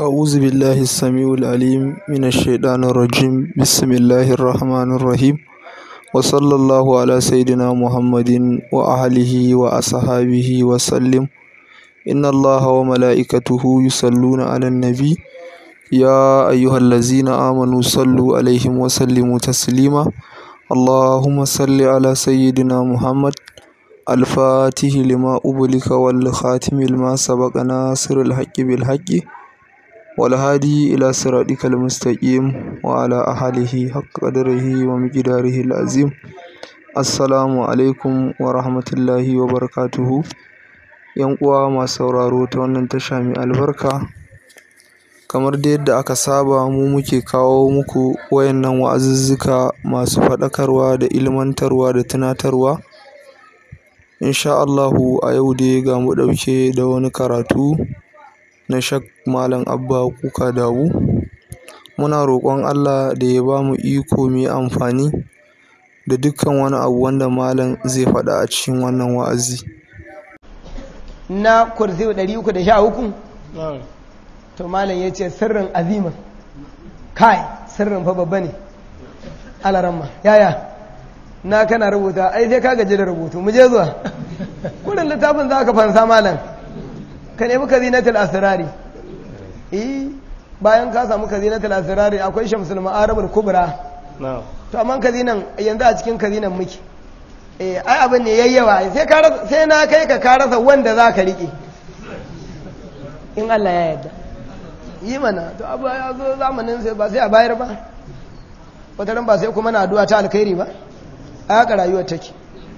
أعوذ بالله السميع العليم من الشيطان الرجيم بسم الله الرحمن الرحيم وصلى الله على سيدنا محمد وأهله وأصحابه وسلم إن الله وملائكته يصلون على النبي يا أيها الذين آمنوا صلوا عليه وسلموا تسليما اللهم صل على سيدنا محمد الفاتح لما أبلك والخاتم لما سبق ناصر الحق بالحق والهادي إلى صراطك المستقيم وعلى أهله حق قدره ومقداره العظيم Assalamu alaikum wa rahmatullahi wa barakatuhu. ‘Yan uwa masu sauraro ta wannan tasha mai albarka, kamar dai yadda aka saba mu muke kawo muku wayannan wa'azuzzuka masu faɗakarwa da ilmantarwa da tunatarwa. Insha Allahu a yau dai ga mu ɗauke da wani karatu. na shak Malam Abba Kuka Dawo. Muna roƙon Allah da ya ba mu iko mai amfani da dukkan wani abu wanda malam zai faɗa a cikin wannan wa'azi. Na sha 313? To malam ya ce sirrin azima. Kai, sirrin fa babba ne. Alaramma, yaya? Na kana rubuta, ai sai ka gaji da rubutu, mu je zuwa. Kullum littafin za ka fansa malam. ka nemi kazinatul asrari eh bayan ka samu kazinatul asrari akwai shamsul ma'aribul kubra to amma kazinan yanzu a cikin kazinan muke eh ai abin ne yayyawa sai sai na kai ka karasa wanda za ka riƙe. in Allah ya yadda. yi mana to abu ya zo zamanin sai ba sai a bayar ba wataran ba sai kuma na addu'a ta alkhairi ba a haka rayuwar take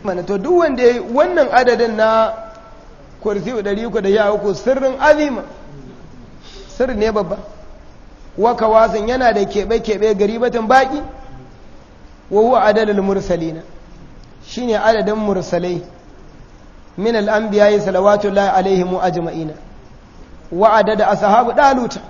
mana to duk wanda wannan adadin na kursi ɗari uku da ya uku sirrin azima sirri ne babba waka wasan yana da keɓe-keɓe gari batan baƙi wa huwa adadul mursalina shine adadin mursalai min al'ambiyayi salawatullahi alaihim ajma'ina wa adada ashabu daluta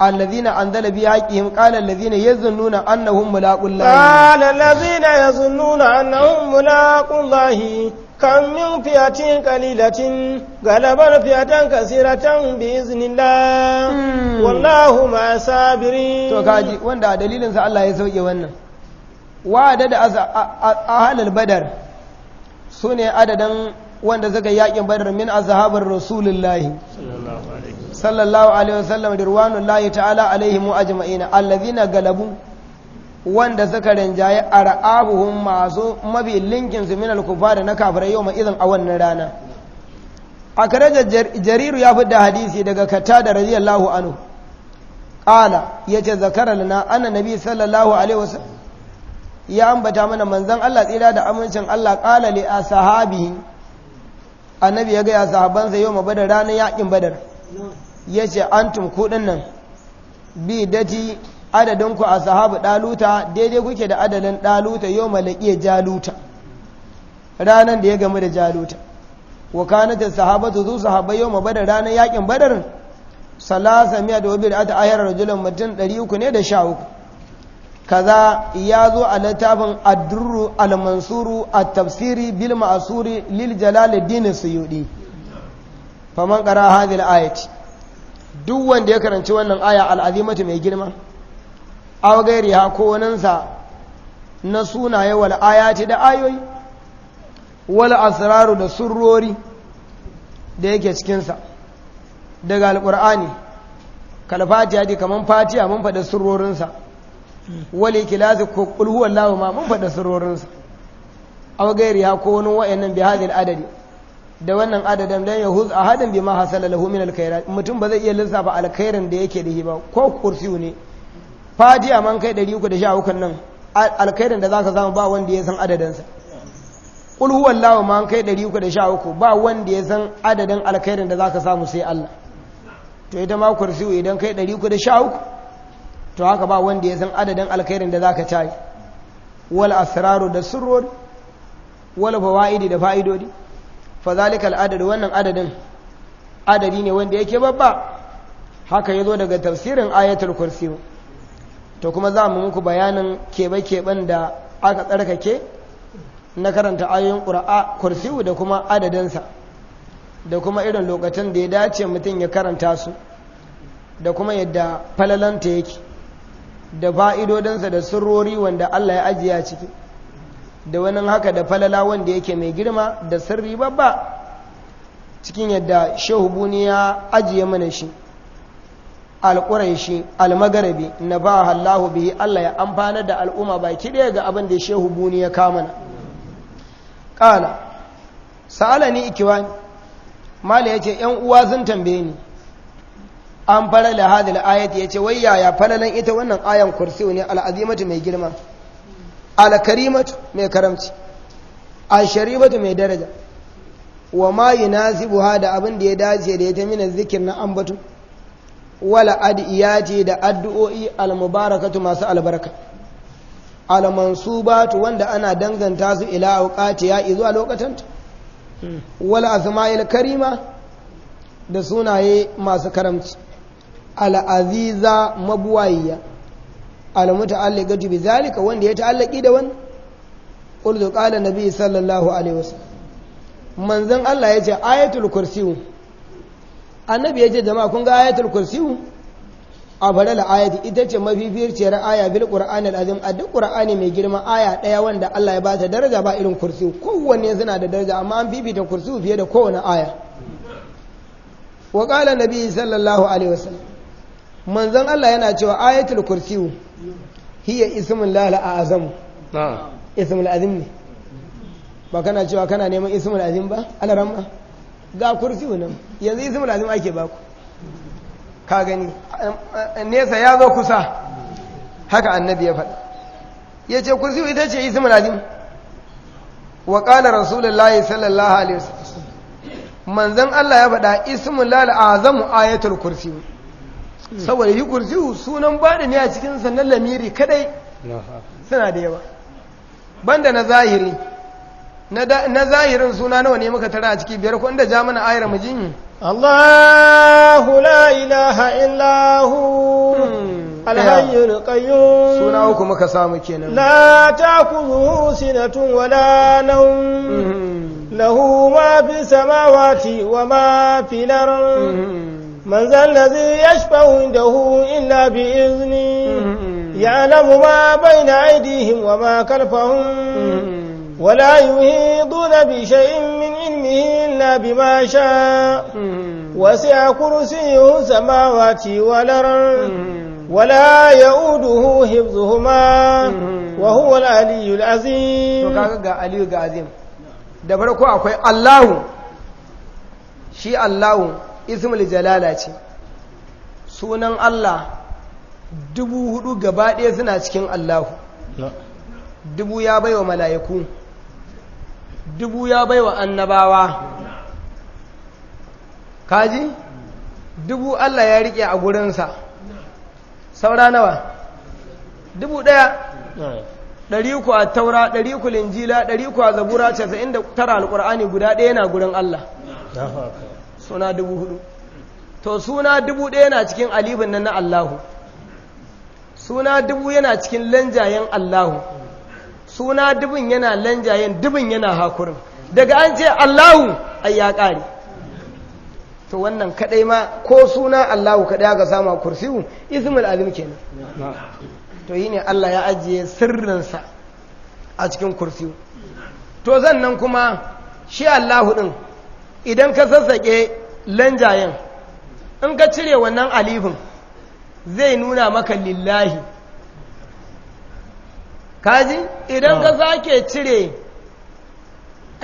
الذين أنزل بحقهم قال الذين يظنون أنهم ملاقو الله قال الذين يظنون أنهم ملاقو الله كم من فئة قليلة غلبت فئة كثيرة بإذن الله hmm. والله مع الصابرين to kaji wanda a dalilin الله Allah ya sauke wannan wa da ahlul badar sune adadin wanda zaka yakin badar min azhabar rasulullahi sallallahu alaihi wasallam dirwanullahi ta'ala alaihim ajma'ina alladhina galabu wanda suka rinjaye ar'abuhum masu mafi linkin su min al da na kafara yau ma izin a wannan rana A kare jariru ya fi da hadisi daga katada radiyallahu anhu ya ce zakara lana ana nabi sallallahu alaihi wasu ya ambata mana manzan Allah tsira da amincin Allah ƙala li a annabi ya gaya ya sahabansa yau ma badar ranar yakin badar ya yace antum kuɗin nan bi dati adadin ku a sahabu ɗaluta daidai kuke da adadin daluta yau ya jaluta ranan da ya gamu da jaluta wa kanat sahabatu zu sahabai yau mabada ranan yakin badar salasa miya da da ata ayar rajulan mutum 300 ne da 13 kaza ya zo a littafin addurru al-mansuru at-tafsiri bil ma'suri lil jalaluddin suyudi faman qara hadhihi al ayat duk wanda ya karanci wannan aya al-azimatu mai girma aw ha ko waninsa na sunaye wal ayati da ayoyi wal asraru da surrori da yake cikinsa daga alƙur'ani kalfatiya dai kamar fatiya mun faɗa surrorinsa wal kilasi ko kulhuwar lawa ma mun faɗa surrorinsa aw ha ko wani wa'annan bi hadhihi adadi da wannan adadin dan yahuz ahadan bima hasala lahu min alkhairat mutum ba zai iya lissafa alkhairin da yake da shi ba ko kursiyu ne a man kai ɗari uku da sha 313 nan alkaidan da zaka samu ba wanda ya san adadinsa qul lawa man kai uku ba wanda ya san adadin alkaidan da zaka samu sai Allah to ita ma kursi idan kai ɗari uku da sha uku to haka ba wanda ya san adadin alkaidan da zaka tayi wal asraru da surori wal fawaidi da fa'idodi fa zalika al wannan adadin adadi ne wanda yake babba haka yazo daga tafsirin ayatul kursiyu to kuma za mu muku bayanin keɓe-keɓen da aka tsarkake na karanta ayoyin ƙura'a kursiwu da kuma adadinsa da kuma irin lokacin da ya dace mutum ya karanta su da kuma yadda falalanta yake da fa'idodinsa da sirrori wanda Allah ya ajiye ciki da wani haka da falala wanda yake mai girma da sirri babba cikin yadda shehu buni ya ajiye mana shi alƙuraishi almagarabi na ba hallahu bihi Allah ya amfanar da al'umma baki ɗaya ga abin da shehu buni ya kama na ƙala sa'ala ni ikiwani mala ya ce ‘yan uwa sun tambaye ni an fara da hadil ayat ya ce wai yaya falalan ita wannan ayan kursi ne al'azimatu mai girma alkarimatu mai karamci alsharibatu mai daraja wa ma ha da abin da ya dace da ya ta mina zikir na ambatu wala ce da addu'o'i almubarakatu masu albarka almansubatu wanda ana danganta su ila auqatiya zuwa lokacanta wala asma'il karima da sunaye masu karamci al'aziza mabuwayiya almuta'alliqatu bi zalika wanda ya ta'allaki da wani qul qala nabi sallallahu alaihi wasallam manzan Allah yace ayatul kursiyu annabi ya ce jama'a kun ga ayatul kursiyu a bare la ayati ita ce mafifiyar aya bil qur'an al azim a duk qur'ani mai girma aya ɗaya wanda Allah ya ba ta daraja ba irin kursiyu kowanne suna da daraja amma an fifita kursiyu fiye da kowane aya wa qala nabi sallallahu alaihi wasallam manzon Allah yana cewa ayatul kursiyu hiya ismul lahi azam na'am azim ne ba kana cewa kana neman ismul azim ba alaramma ga kursi nan yanzu ismul azim ake baku ka gani nesa ya zo kusa haka annabi ya faɗa ya ce kursi ita ce ismul azim wa qala rasulullahi sallallahu alaihi wasallam manzan Allah ya faɗa ismul azamu ayatul kursi saboda yi kursi sunan bada ne a cikin sannan lamiri kadai suna da yawa banda na zahiri na zahirin suna nawa ne muka tara a ciki biyar ko inda ja mana ayar mu jin Allahu la ilaha illa hu hmm, alhayyul qayyum suna uku muka samu kenan la ta'khudhuhu sinatun wala nawm hmm. lahu ma fi samawati wa ma fi al-ard hmm. man zal ladhi yashfa'u indahu illa bi idhni ya'lamu ma bayna aydihim wa ma khalfahum ولا يهيضون بشيء من علمه إلا بما شاء وسع كرسيه السماوات والأرض ولا يؤده حفظهما وهو العلي العظيم وكذا ga aliyu ga azim da farko akwai Allahu shi Allahu ismul jalala ce sunan Allah dubu hudu gaba ɗaya suna cikin Allahu dubu ya baiwa mala'iku dubu ya bai wa annabawa kaji dubu Allah ya rike a gurinsa saura nawa dubu ɗaya ɗari ku a taura ɗari ku linjila ɗari ku a zabura casa'in da tara alƙur'ani guda ɗaya na gurin Allah suna dubu hudu to suna dubu ɗaya na cikin alibin nan na Allahu suna dubu yana cikin lanjayen Allahu suna dubin yana lanjayen dubin yana hakurin daga an ce allahu ai ya ƙare to wannan kadai ma ko suna allahu kaɗai aka sama kursiyu ismul azim kenan to yi ne allah ya ajiye sirrinsa a cikin kursiyu to zannan kuma shi allahu ɗin idan ka sassaƙe lanjayen in ka cire wannan alifin zai nuna maka lillahi kaji idan ka ah. sake cire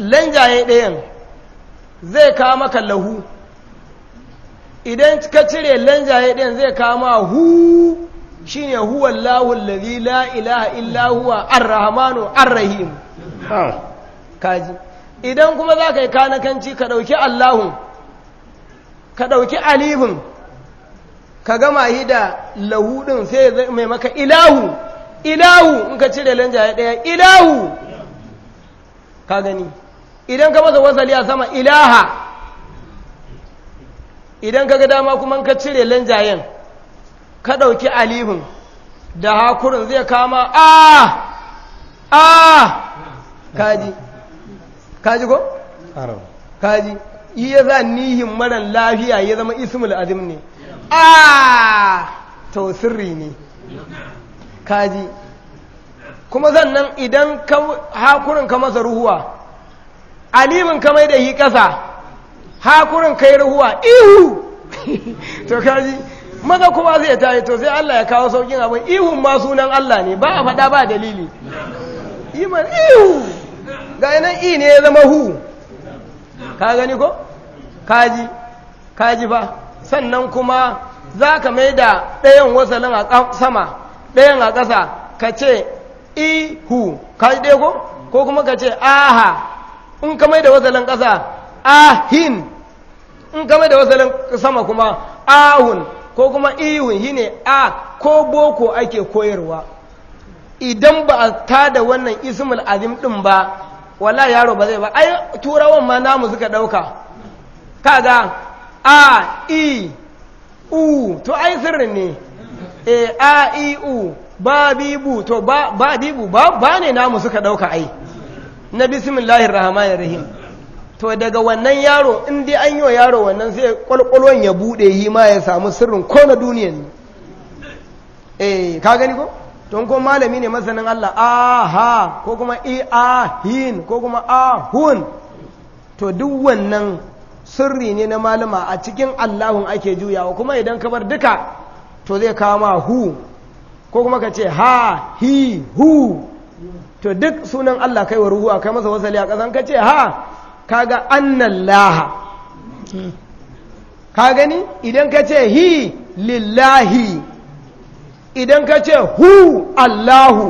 lanjaye ɗayan zai kawo maka lahu idan ka cire lanjaye ɗayan zai kawo ma hu shi ne huwallahu lalazi la ilaha illahuwa arrahamanu arrahim kaji idan kuma za ka yi kanakanci ka ɗauki allahun ka ɗauki alifin ka gama yi da lahudin sai mai maka ilahu ilahu in ka cire lanja ya ɗaya ilahu ka gani idan ka masa wasali a sama ilaha idan ka ga dama kuma ka cire lanjayen ka ɗauki alihun da hakurin zai kama a a kaji kaji ko? kaji yi ya za nihin maran lafiya ya zama ismul azim ne a to sirri ne kaji kuma zannan idan hakurin ka masa ruhuwa alimin ka mai da yi ƙasa hakurin ka yi ruhuwa ihu to kaji maza kuma zai tayi to sai Allah ya kawo saukin abin ihun ma sunan Allah ne ba a faɗa ba dalili iman ihu ga yanan i ne ya zama hu ka gani ko kaji kaji ba sannan kuma za ka mai da ɗayan wasalin a sama ɗayan a ƙasa ka ce ihu ka yi ɗaya ko ko kuma ka ce aha in ka mai da wasalin ƙasa ahin in ka mai da wasalin sama kuma ahun ko kuma ihun shi ne a ko boko ake koyarwa idan ba a tada wannan ismul azim ɗin ba wala yaro ba zai ba ai turawan ma namu suka ɗauka kaga a i u to ai sirrin ne e a i u ba bibu to ba ba bibu ba ne namu suka dauka ai na bismillahir rahmanir rahim to daga wannan yaro in dai an yi yaro wannan sai kwalkwalon ya bude yi ma ya samu sirrin ko na duniya ne eh ka gani ko don ko malami ne masanin Allah aha ko kuma i-ah-hin, ko kuma ahun to duk wannan sirri ne na malama a cikin Allahun ake juyawa kuma idan ka bar duka to zai kawo ma hu ko kuma ka ce ha hi hu to duk sunan Allah kai wa ruhu a kai masa wasali a ƙasan ka ce ha ga annan laha ka gani idan ka ce hi lillahi idan ka ce hu allahu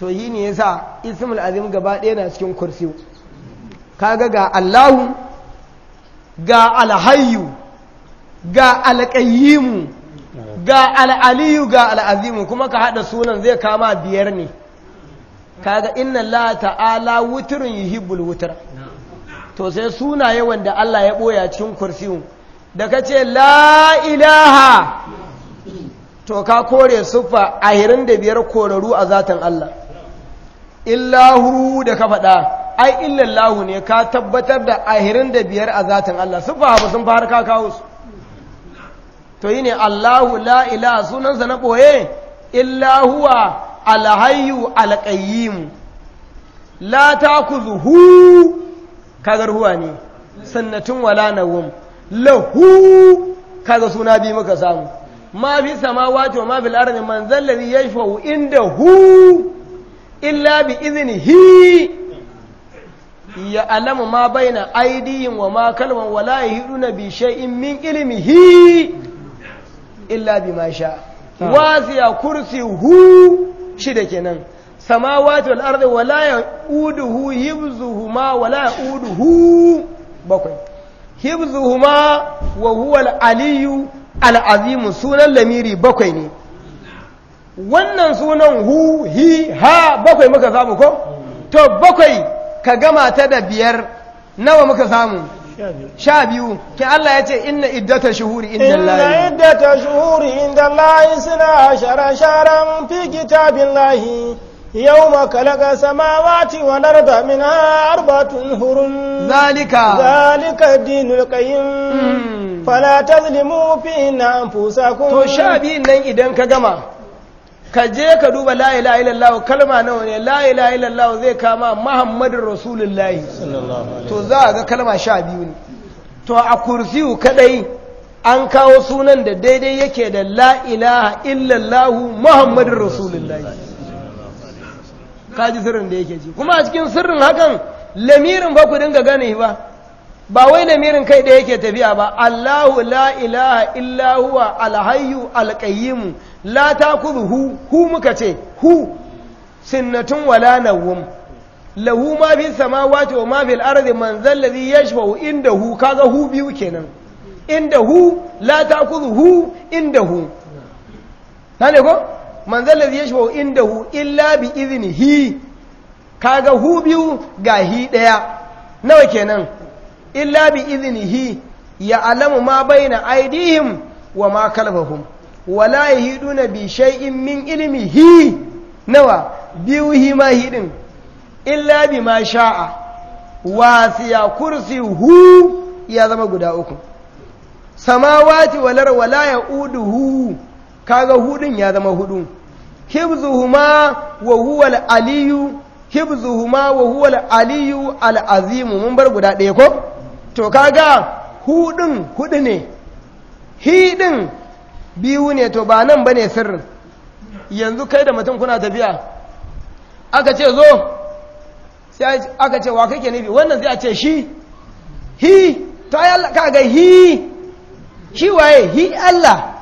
to yi ne ya sa ismul azim gaba ɗaya na cikin Ka ga ga allahu ga alhayu ga alƙayyimu ga al'aliyu ga al'azimu kuma ka haɗa sunan zai kama biyar ne kaga inna la ta'ala wuturin yi hibbul wutura to sai sunaye wanda Allah ya ɓoya cikin kursiyu da ka ce la ilaha to ka kore a hirin da biyar koraru a zatan Allah illahu da ka faɗa ai illallahu ne ka tabbatar da a hirin da biyar a zatan Allah siffa ba sun fara kawo su to yi ne Allahu la sunansa na ɓoye illa alhayu alƙayyim la ta ku zuhu kagar huwa ne sannatin wala nawum lahu kaga suna biyu muka samu ma fi samawati wa ma fil ardi man zallazi inda hu! illa bi hi! ya alama ma baina aidihim wa ma kalman wala yahiduna bi shay'in min hi! illa bi ma sha wasiya shi shida kenan samawati wal ardi wala yauduhu hibzuhuma wala yauduhu bakwai hibzuhuma wa huwa al aliyu al azim sunan lamiri bakwai ne wannan sunan hu hi ha bakwai muka samu ko to bakwai ka gama ta da biyar nawa muka samu sha biyu ke Allah ya ce inna iddata shuhuri inda Allah inna iddata shuhuri inda Allah suna ashara sharan fi kitabin lahi يوم خلق السماوات والأرض منها أربعة هر ذلك ذلك الدين القيم فلا تظلموا فيهن nan idan ka gama. ka je ka duba la ilaha illallah kalma nawa ne la ilaha illallah zai kama muhammadin rasulullahi to za a ga kalma sha biyu ne to a kursiyu kadai an kawo sunan da daidai yake da la ilaha illallah muhammadin ka kaji sirrin da yake ji kuma a cikin sirrin hakan lamirin ba ku dinga gane ba ba wai lamirin kai da yake tafiya ba allahu la ilaha illahuwa alhayu alƙayyimu la hu hu muka ce hu sinnatun wala nawum lahu ma fi samawati wa ma fil ardi man zal ladhi yashfa'u hu kaga hu biyu kenan Inda indahu la hu inda indahu nane ko man zal ladhi yashfa'u hu illa bi idnihi kaga hu biyu ga hi daya nawa kenan illa bi idnihi ya alamu ma baina aidihim wa ma kalbahum wala ya na bi shay'in min hi nawa biyu hi ma hidin illa bi ma sha'a wasiya hu ya zama guda uku samawati walar wala hu, kaga hudun ya zama hudu hibzuhuma wa huwa al-aliyu hibzuhuma wa huwa aliyu al mun bar guda ɗaya ko to kaga hudun hudu ne hidin biyu ne to ba nan ba ne sirrin yanzu kai da mutum kuna tafiya aka ce zo sai aka ce wa kake nufi wannan zai a ce shi hi to yi Allah ga hi shi waye hi Allah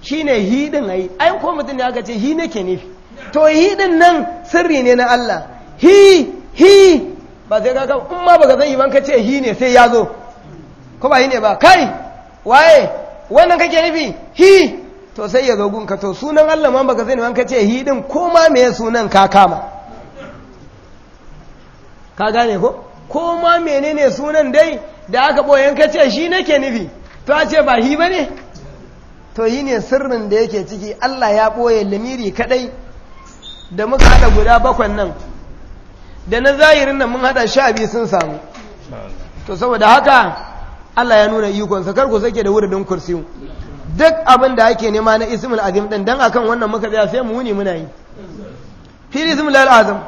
Shi ne hi din ai ai ko mutum ne aka ce hi nake nufi to hi din nan sirri ne na Allah hi hi ba sai kaga in ma ga san yi ban ka ce hi ne sai ya zo ko ba hi ne ba kai waye wannan kake nufi hi to sai ya zo gunka to sunan Allah ma baka sani wanka ce hi din ko ma me sunan ka kama ka gane ko ko ma menene sunan dai da aka boyen ka ce shi nake nufi to a ce ba hi bane to yi ne sirrin da yake ciki Allah ya boye lamiri kadai da muka hada guda bakwai nan da na zahirin nan mun hada sha biyu sun samu to saboda haka Allah ya nuna ikonsa kar ku sake da wuridin kursiyu duk abin da ake nema na ismul azim din dan akan wannan muka tsaya sai mu wuni muna yi fi ismul azim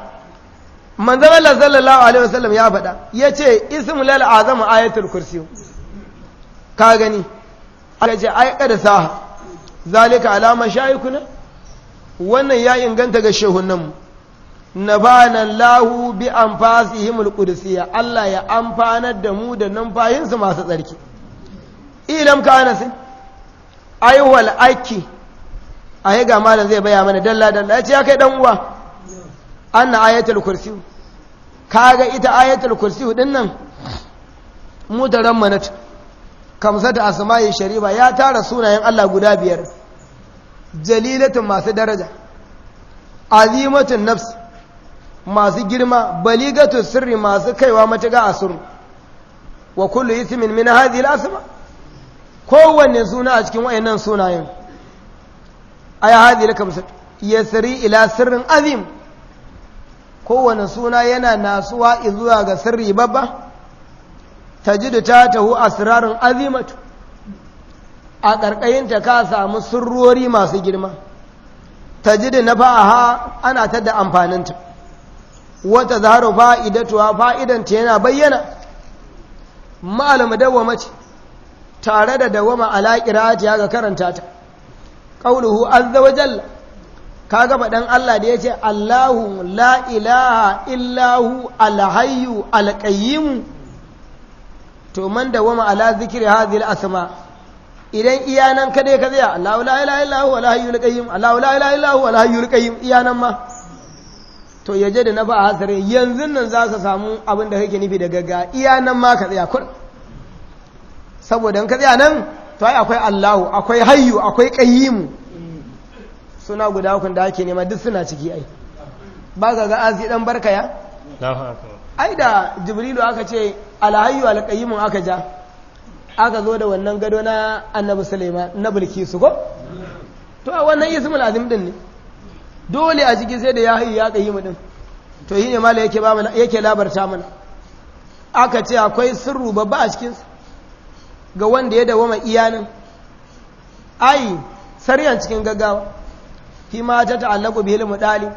manzon Allah sallallahu alaihi wasallam ya faɗa yace ismul azim ayatul kursiyu ka gani aka ce ai kada saha zalika alama shayikuna wannan ya inganta ga shehunan mu nabana lahu bi anfasihim alqudusiyya Allah ya amfanar da mu da numfayinsu masu tsarki ilam kana sai ai wal aki ai ga malam zai baya mana dalla dalla ya ce ya kai dan uwa anna ayatul kursi kaga ita ayatul kursi din nan mu da rammanat kamsata asma'i shariba ya tara sunayen Allah guda biyar jalilatun masu daraja azimatun nafsi masu girma baligatu sirri masu kaiwa matuƙa a sirru wa kullu ismin min hadhihi al-asma kowanne suna a cikin wayannan sunayen ay hadhihi al Ya yasri ila sirrin azim kowanne suna yana nasuwa zuwa ga sirri babba tajidu tahu asrarun azimatu a ƙarƙayinta ka samu sirrori masu girma tajidu na fa'aha ana ta da amfaninta wata zaro fa'idatuwa fa'idanta yana bayyana ma'alama dawwama ce tare da dawwama alaƙira ta ya ga karanta ta ƙauluhu azza wa jalla ka gaba ɗan Allah da ya ce Allahu la’ilaha illahu alhayyu alƙayyimu to man dawwama ala zikiri hazil asma idan iyanan kadai ka zai Allahu la’ilaha illahu alhayyu alƙayyimu Allahu illahu alhayyu alqayyim iyanan ma to ya je da na ba a hasare yanzu nan za su samu abin da kake nufi da gaga iya nan ma ka tsaya kur saboda ka tsaya nan to ai akwai Allahu akwai hayyu akwai qayyimu suna guda hukun da ake nema duk suna ciki ai ba ga azi dan barka ya ai da jibrilu aka ce al alqayyimu aka ja aka zo da wannan gado na annabi sulaiman na bilkisu ko to wannan ismul azim din ne dole a cikin sai da ya haihu ya ƙayi mu ɗin to yi ne mala yake labar mana labarta mana aka ce akwai sirru babba a cikin ga wanda ya mai iyanin ai saryan cikin gaggawa fi ma ta ta'allaqu bil mudali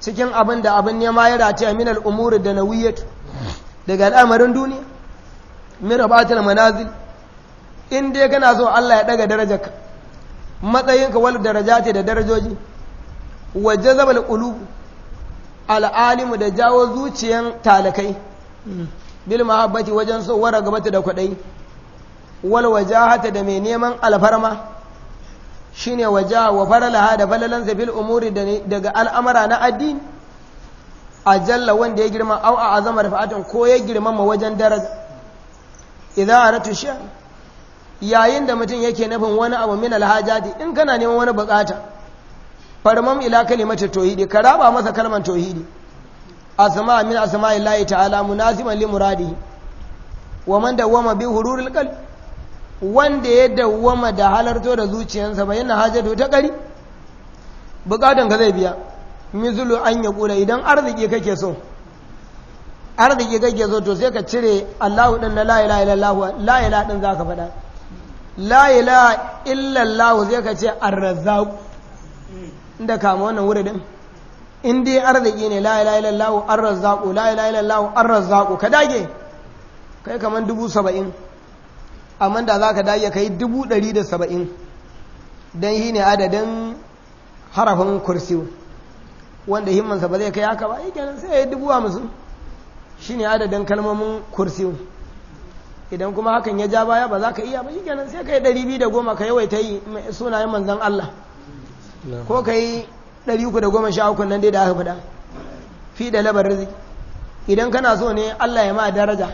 cikin abin da abin nema ya rataya min al umuri da nawiyat daga al'amarin duniya min rabatul manazil in dai kana so Allah ya daga darajarka matsayinka wal darajati da darajoji wa jazabal qulub al'alimu da jawo zuciyan talakai bil mahabbati wajen so wara gabata da kwadai wal wajahata da mai neman alfarma shine wajaha wa faralaha da falalan bil umuri daga al'amara na addini ajalla wanda ya girma au a azama rafa'atan ko ya girma ma wajen daraja idan aratu sha yayin da mutum yake nufin wani abu min alhajati in kana neman wani bukata farmam ila kalimata tauhidi ka raba masa kalmar tauhidi asma min asma'illahi ta'ala munasiban li muradi wa man dawama bi hururil qalbi wanda ya dawama da halarto da zuciyarsa ba yana hajjato ta kari bukatan ka zai biya mizulu an ya kula idan arziki kake so arziki kake so to sai ka cire Allahu din na la ilaha illallah la ilaha din zaka faɗa la ilaha illallah sai ka ce ar inda kama wannan wuridin in dai arziki ne la ilaha illallah an razzaqu la ilaha illallah an ka dage kai kaman dubu saba'in amma da za ka dage kai dubu ɗari da saba'in don shi ne adadin harafin kursi wanda himmansa ba zai kai haka ba yake nan sai ya yi dubu hamsin shi ne adadin kalmomin kursi idan kuma hakan ya ja baya ba za ka iya ba kenan sai ka yi ɗari biyu da goma ka yawaita yi sunayen manzon Allah ko ka yi 313 nan dai da aka fada fi da labar riziki idan kana so ne Allah ya ma daraja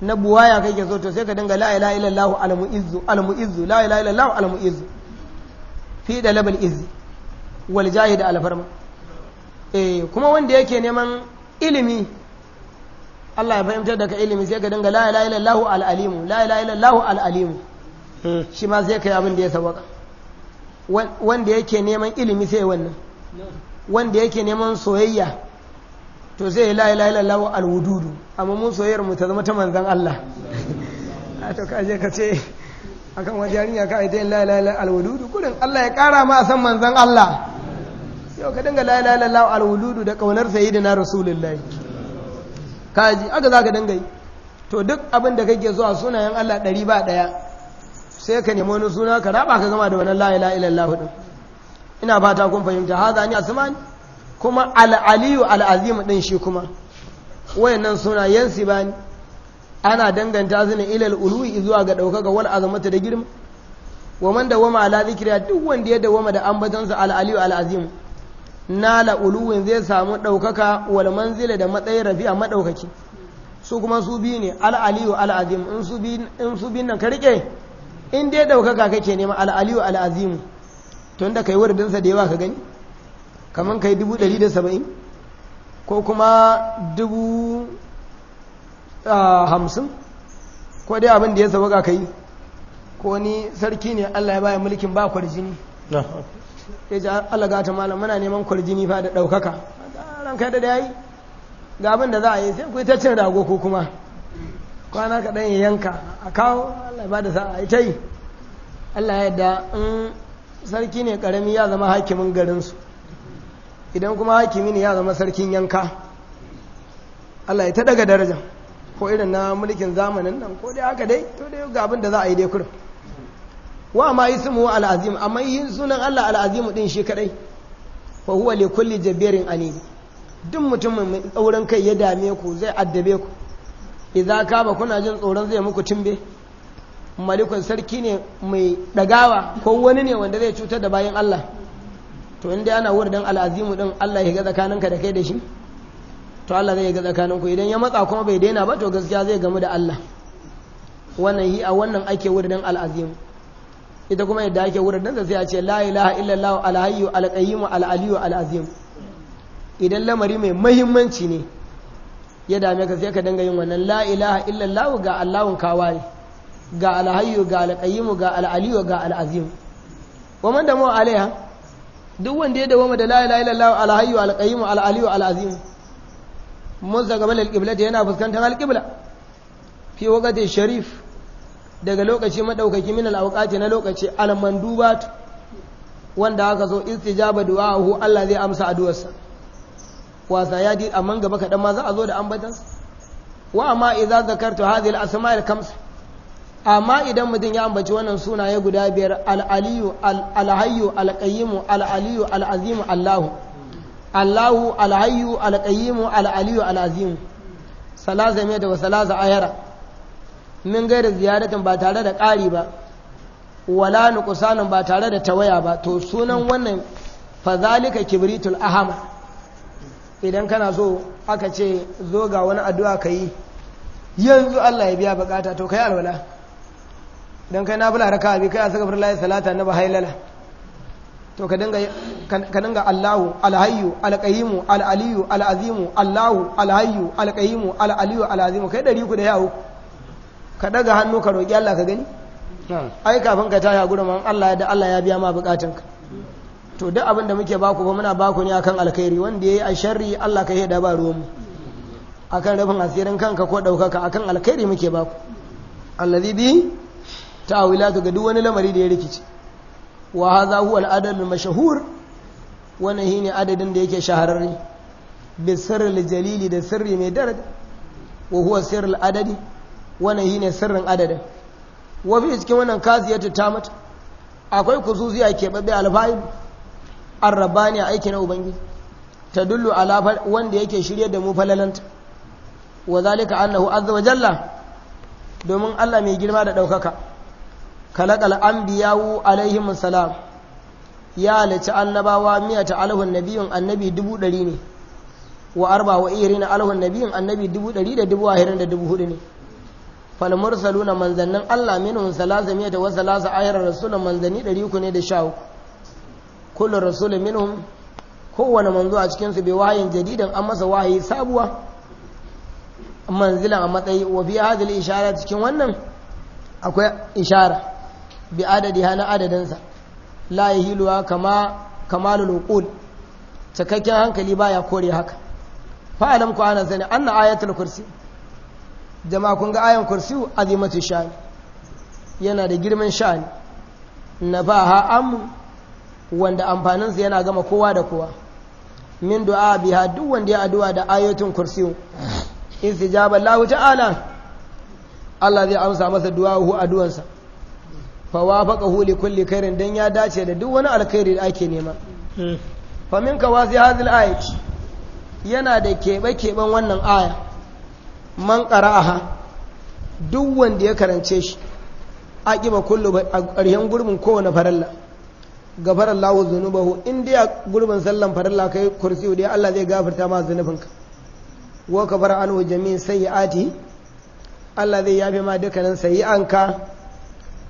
na buwaya ke so to sai ka dinga la ilaha illallah almuizzu almuizzu la ilaha illallah almuizzu fi da labal izzi wal jahid alfarma eh kuma wanda yake neman ilimi Allah ya fahimtar da ka ilimi sai ka dinga la ilaha illallah alalimu la ilaha illallah alalimu hmm. shi ma sai ka yi abin da ya sabaka wanda yake neman ilimi sai wannan wanda yake neman soyayya to zai la ilaha illallah wa alwududu amma mun soyayyar mu ta zama ta manzon Allah a to ka je ka ce akan wajen yarinya ka aita la ilaha illallah alwududu kurin Allah ya kara ma san manzon Allah yau ka dinga la ilaha illallah alwududu da kaunar sayyidina rasulullahi kaji aka zaka dinga yi to duk abin da kake zuwa sunayen Allah ɗari ba ɗaya sai ka nemi wani suna ka raba ka gama da wannan la ilaha illallah din ina fata kun fahimta haza ni asman kuma al-aliyu al-azim din shi kuma wayannan sunayen sibani ana danganta su ilal ulwi zuwa ga daukaka wal azamata da girma wa man wama ala zikriya duk wanda ya dawama da an al aliyu al azim nala uluwi zai samu ɗaukaka wal manzila da matsayin rafi'a madaukaki su kuma su bi ne al aliyu al in su bi in su bi nan ka rike in dai ɗaukaka kake nema al'aliyu al'azimu tun da kai wardinsa da yawa ka gani kamar kai dubu ɗari da saba'in ko kuma dubu ah, hamsin ko dai abin da ya saba ka yi ko ni sarki ne allah ya baya mulkin ba kwarjini ya ji allah gata malam muna neman kwarjini fa da ɗaukaka ran kai da da yayi ga abin da za a yi sai ku ta cin rago ko kuma kwana kaɗan ya yanka a kawo Allah ba da sa'a ita yi Allah ya yadda in sarki ne karami ya zama hakimin garinsu idan kuma hakimi ne ya zama sarkin yanka Allah ya ta daga daraja ko irin na mulkin zamanin nan ko dai haka dai to dai ga abin da za a yi dai kurin wa ma ismu al'azim amma yi sunan Allah al'azimu din shi kadai fa huwa li kulli jabirin alim duk mutumin mai tsaurin kai ya dame ku zai addabe ku idza kaba kuna jin tsoron zai muku timbe malikun sarki ne mai dagawa ko wani ne wanda zai cutar da bayan Allah to inda ana wuri don al'azimu din Allah ya ga tsakaninka da kai da shi to Allah zai ga tsakaninku idan ya matsa kuma bai daina ba to gaskiya zai gamu da Allah wannan hi a wannan ake wurin al'azimu ita kuma yadda ake wurin don sai a ce la ilaha illallah alhayyu alqayyim al'aliyu, alazim idan lamari mai muhimmanci ne ya dame ka sai ka dinga yin wannan la ilaha illallah ga allahun kawai ga alhayyu ga alqayyim ga alaliyu ga alazim wa man da mu alaiha duk wanda ya dawo da la ilaha illallah alhayyu alqayyim alaliyu alazim zaga gabal alqibla yana fuskantar alqibla fi waqti sharif daga lokaci madaukaki min alawqati na lokaci almandubat wanda aka zo istijaba du'ahu Allah zai amsa addu'arsa wasa ya di amma gaba kaɗan ma za a zo da ambatansa wa amma idan zakartu hadhihi al-asma'il kamsa amma idan mutum ya ambaci wannan sunaye guda biyar al’aliyu aliyu al al’aliyu al’azimu allahu allahu al-hayyu al’aliyu al’azimu al-aliyu al-azimu salasa mai da salasa ayara min gaira ziyaratin ba tare da ƙari ba wala nuqsanin ba tare da tawaya ba to sunan wannan fazalika kibritul ahama idan kana so aka ce zo ga wani addu'a ka yi yanzu Allah ya biya bukata to kai alwala don kai na bula raka bi kai asaka saka lahi salata na bahailala to ka dinga Allahu alhayyu alqayyimu alaliyu alazimu Allahu alhayyu alqayyimu alaliyu alazimu kai dari ku da yawo ka daga hannu ka roki Allah ka gani ai kafin ka taya gurin Allah ya da Allah ya biya ma bukatunka to duk abin da muke baku ba muna baku ne akan alkhairi wanda ya yi a sharri Allah ka heda ba ruwan mu akan rabin asirin kanka ko daukaka akan alkhairi muke baku allazi bi ta'wilatu ga duk wani lamari da ya rikici wa hadha huwa al-adad al-mashhur wannan shine adadin da yake shahararre bi sirri jalili da sirri mai daraja wa huwa sirri adadi wannan shine sirrin adadin wa bi cikin wannan kasiyatu tamat akwai kususiya babbe alfa'il arrabani aiki na ubangiji ta dullu ala wanda yake shirye da mu falalanta wa zalika annahu azza wa jalla domin Allah mai girma da daukaka kalakal anbiya'u alaihi salam ya halici annabawa miyata alhun nabiyun annabi dubu ɗari ne wa arba wa irin alhun nabiyun annabi dubu ɗari da dubu ahirin da dubu hudu ne falmursalu na manzannin allah minhum salasa miyata wa salasa ahirar rasulun manzanni ɗari uku ne da sha uku kullu rasulun minhum kowane manzo a cikinsu bai wahayin jadidan an masa wahayi sabuwa manzilan a matsayi wa biya hadali ishara cikin wannan akwai ishara bi adadi hana adadinsa la yahiluwa kama kamalul uqul cikakken hankali baya kore haka fa'alam ku ana sani anna ayatul kursi jama'a kun ga ayan kursi azimatu sha'ani yana da girman sha'ani nafaha amu wanda amfaninsa yana gama kowa da kowa min du'a biha duk wanda ya addu'a da ayatul kursiyu istijaba Allah ta'ala Allah zai amsa masa du'ahu addu'ansa fa wafaqahu li kulli khairin dan ya dace da duk wani alkhairi da ake nema fa min ka wasi hadhil ayat yana da kebe keben wannan aya man qara'aha duk wanda ya karance shi aqiba kullu a ƙarshen gurbin kowane faralla gafar Allahu zunubahu in dai a gurbin sallan farilla lakai kursi ya Allah zai gafarta ma zunubinka wa Jami sai jami'in ati. Allah zai yafe ma dukkanin sayyi'anka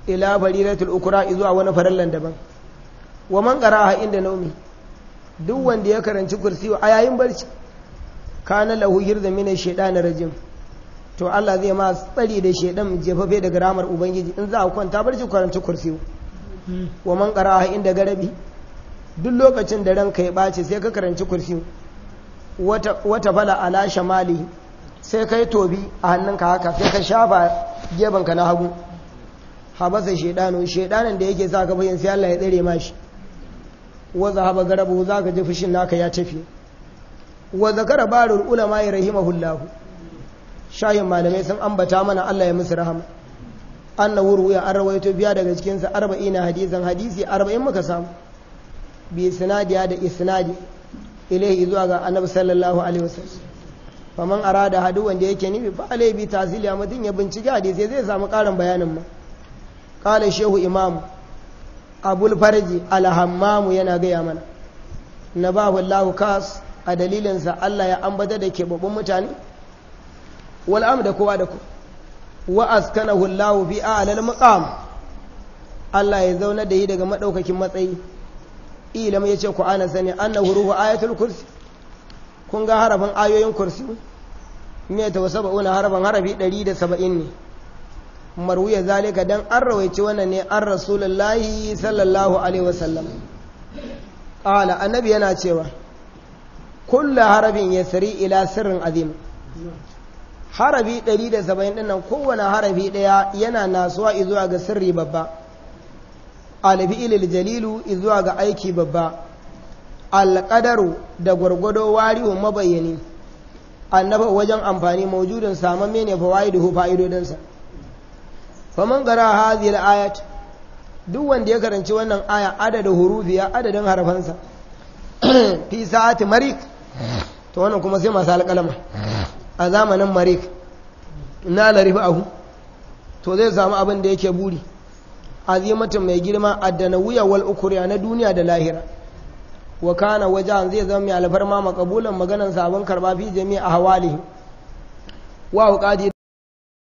ila faridatul ukra a wani farallan daban wa man a inda naumi duk wanda ya karanci kursi a yayin barci kana lahu hirza min ash-shaytanir rajim to Allah zai ma tsari da shedan jefafe daga ramar ubangiji in za a kwanta barci karanci kursi wa man qara'a inda garabi duk lokacin da ranka ya bace sai ka karanci kursi wata fala a ala shamali sai ka tobi a hannunka haka sai ka shafa gebanka na hagu habasa shaidanu shaidanin da yake sa ka bayan sai Allah ya tsere mashi waza haba garabu za ka ji fushin naka ya tafi wa zakara barul ulama ya rahimahullahu shayin malamai sun ambata mana Allah ya musu rahama annahu ruwiya an rawaito biya daga cikin sa 40 hadisan hadisi 40 muka samu bi isnadiya da isnadi ilaihi zuwa ga annabi sallallahu alaihi wasallam faman arada hadu wanda yake ni ba alai bi tasiliya amadin ya binciki hadisi zai samu karin bayanin ma qala shehu imam abul farji alhammamu yana gaya mana nabahu allah kas a dalilinsa allah ya ambata da keɓaɓɓun mutane wal da kowa da kowa wa askanahu Allahu fi a'lal maqam Allah ya zauna da yi daga madaukakin matsayi ilam yace ku ana sani annahu ruhu ayatul kursi kun ga harafin ayoyin kursi ne ta wasa ba'una harafin harafi 170 ne marwiya zalika dan an rawaici wannan ne an rasulullahi sallallahu alaihi wasallam qala annabi yana cewa kullu harafin yasri ila sirrin azim harafi ɗari 170 saba'in nan kowane harafi ɗaya yana nasuwa zuwa ga sirri babba alfi'ilil jalilu zuwa ga aiki babba alƙadaru da gwargwado wariwa mabayyani annaba wajen amfani maujudin samamme ne sa fa'idodinsa faman gara hadhihi ayat duk wanda ya karanci wannan aya hurufi ya adadin harafansa fi sa'ati marik to wannan kuma sai masu alƙalama a zamanin marik na larifi ahu to zai samu abin da yake buri azimatin mai girma addana wuya wal ukuriya na duniya da lahira wa kana wajen zai zama mai alfarma makabulan maganan sabon karba fi jami'a hawalihi wa hukadi